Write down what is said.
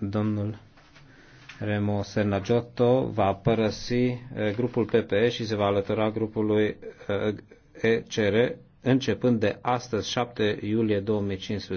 Domnul Remo Sernagiotto va părăsi eh, grupul PPE și se va alătura grupului ECR eh, începând de astăzi, 7 iulie 2015.